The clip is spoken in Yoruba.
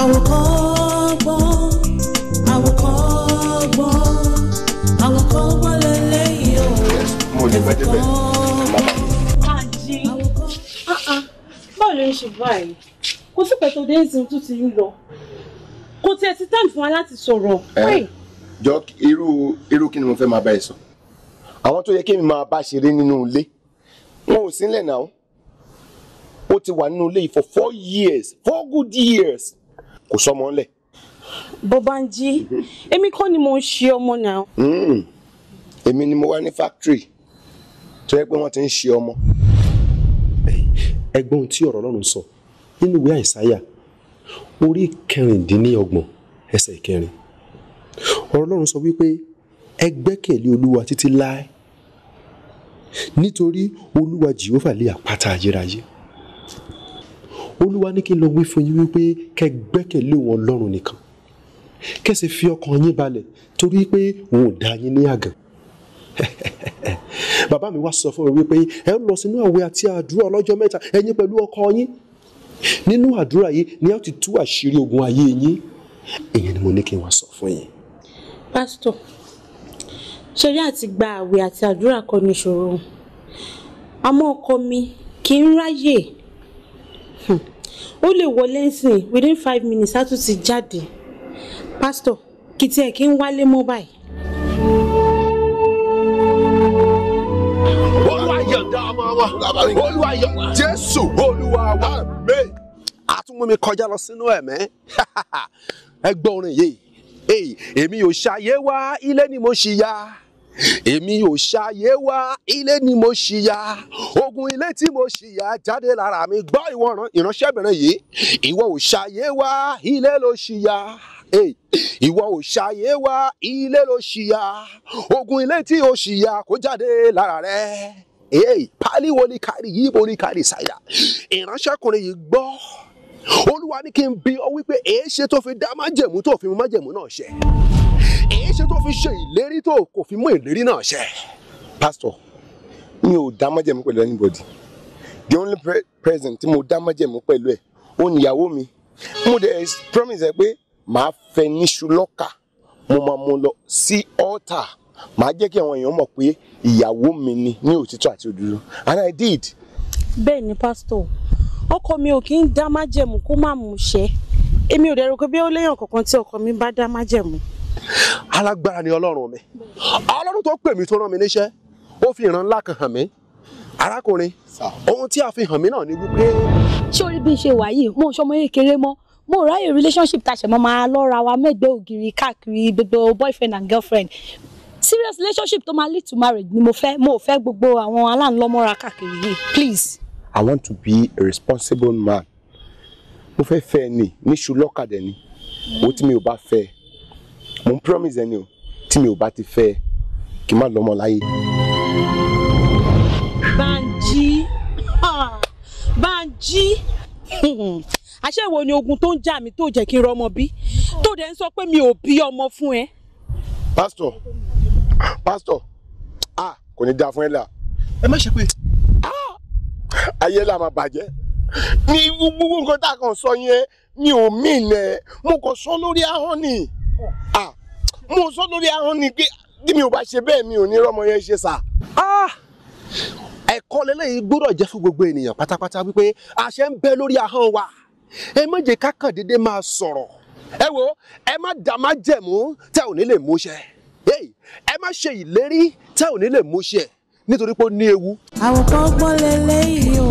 àwòkọ́gbọ́n àwòkọ́gbọ́n àwòkọ́gbọ́n lélẹ́yìí o àwòkọ́gbọ́n. báwo ló ń ṣe báyìí kò sí pẹ̀tọ́ dé ìsìn tó ti ń lọ kò tiẹ̀ ti tán fún wa láti sọ̀rọ̀. jọ irú irú kí ni mo fẹ́ máa bá ẹ sọ àwọn tó yẹ kí mi máa bá ṣeré nínú ilé wọn ò sílẹ̀ náà ó ti wà nínú ilé yìí for four years four good years kò sọmọ ńlẹ̀. Bọ́bánjí èmi kọ́ ni mo ń ṣe ọmọ náà. Hmm, èmi ni mo wá ní fáktírì tó yẹ pé wọ́n ti ń ṣe ọmọ. ẹgbọ́n tí ọ̀rọ̀ Ọlọ́run sọ nínú ìwé àìsáyà orí kẹrìndínlọ́gbọ̀n ẹsẹ̀ ìkẹrin ọ̀rọ̀ Ọlọ́run sọ wípé ẹ gbẹ́kẹ̀lé Olúwa títí láé nítorí Olúwa Jèhófà lé àpáta ayérayé olúwa ní kí n lọ wí fún yín wípé kẹ́ gbẹ́kẹ̀lé wọn Ọlọ́run nìkan kẹ́ sì fi ọkàn yín balẹ̀ torí pé òun ò dá yín ní àgàn bàbá mi wá sọ fún mi wípé ẹ ń lọ sínú àwẹ̀ àti àdúrà ọlọ́jọ́ mẹ́ta ẹ̀yin pẹ̀lú ọkọ yín nínú àdúrà yìí ni a ti tú àṣírí ogun ayé yín èyí ni mo ní kí n wá sọ fún yín. pásítọ̀ ṣeré àti gba àwẹ̀ àti àdúrà kọ́ ni ìṣòro àmọ́ ọkọ mi kì í ráyè. Hmm ó lè wọlé nsìn within five minutes á tún ti jáde pásítọ̀ kì í tiẹ̀ kí ń wálé mọ́ báyìí. olúwa wa olúwa yọ̀ǹda jésù olúwa mi kọjá lọ sínú ẹ̀mí ẹ gbọ́ orin yìí èmi ò ṣàyẹ̀wá ilé ni mo ṣì yá èmi ò ṣàyè wá ilé ni mo ṣìyà ogun ilé tí mo ṣìyà jáde lára mi gbọ́ ìwọ ìránṣẹ́bìnrin yìí ìwọ ò ṣàyè wá ilé ló ṣìyà ìwọ ò ṣàyè wá ilé ló ṣìyà ogun ilé tí o ṣìyà kó jáde lára rẹ pálí wo ni kárí yìí wo ni kárí ṣàyà ìránṣẹ́kùnrin yìí gbọ́ olúwa ní kí n bi ọ wípé èé ṣe tó fi dá májẹ̀mú tó fi mú májẹ̀mú náà ṣẹ ṣe tó fi ṣe ìlérí tó kò fi mú ìlérí náà ṣẹ. pásítọ̀ mi ò dá májẹ̀mú pẹ̀lú anybody the only present tí mo dá májẹ̀mú pẹ̀lú ẹ̀ ó ní ìyàwó mi mo dẹ̀ promise ẹ pé màá fẹ́ níṣu lọ́kà mo máa mú lọ sí altar màá jẹ́ kí àwọn èèyàn mọ̀ pé ìyàwó mi ni ní òtítọ́ àti òdodo and I did. bẹ́ẹ̀ ni pásítọ̀ ọkọ mi ò kí ń dá májẹ̀mú kó má mú ṣẹ èmi ò dẹ̀ rò pé bí ó léèyàn kankan tí ọkọ mi bá dá májẹ̀mú alágbára ni ọlọ́run mi ọlọ́run tó pè mí tó rán mi níṣẹ́ ó fi ìran ńlá kan hàn mí arákùnrin ohun tí a fi hàn mí náà ni wípé. ṣé orí bí n ṣe wà yìí mo ṣọmọ kékeré mọ́ mo ráyè relationship tá a ṣe mọ́ máa lọ́ra wa mẹ́gbẹ́ ògiri káàkiri gbogbo boyfriend and girlfriend serious relationship tó máa lead to marriage ni mo fẹ́ mo fẹ́ gbogbo àwọn aláǹlọ́mọ́ra káàkiri yìí please. I want to be a responsible man mo fẹ́ fẹ́ ni níṣu lọ́kàdẹ́ ni owó tí mi ò bá fẹ́ ẹ mo ń promise ẹni o tí mi ò bá ti fẹ́ kí n má lọ́mọ láyé. Banji Banji àṣẹwò ni ogun tó ń jà mí tó jẹ́ kí n rọ́mọ bí tó dẹ̀ ń sọ pé mi ò bí ọmọ fún ẹ. pásítọ̀ pásítọ̀ a ah, kò ní dáa fún ẹ là. ẹ má ṣe pé. Ah! ayé la máa bàjẹ́ ní gbogbo nǹkan tá a kàn sọ yẹn mi ò mí nẹ mo kàn sọ lórí ahọ́n ni. Ah mo sọ lórí ahọ́n ni pé bí mi ò bá ṣe bẹ́ẹ̀ mi ò ní rọ́mọ yẹn ṣe sà. Ah! ẹ̀kọ́ lélẹ́yìí gbọ́dọ̀ jẹ́ fún gbogbo ènìyàn pátápátá wípé àṣẹ ń bẹ lórí ahọ́n wa ẹ má jẹ́ ká máa sọ̀rọ̀ ẹ wo ẹ má dá má jẹ̀mú tẹ́ ò ní lè múṣẹ ẹ má ṣe ìlérí tẹ́ ò ní lè múṣẹ nítorí pé ó ní ewu. àwòkọ́ gbọ́n lélẹ́yìí o.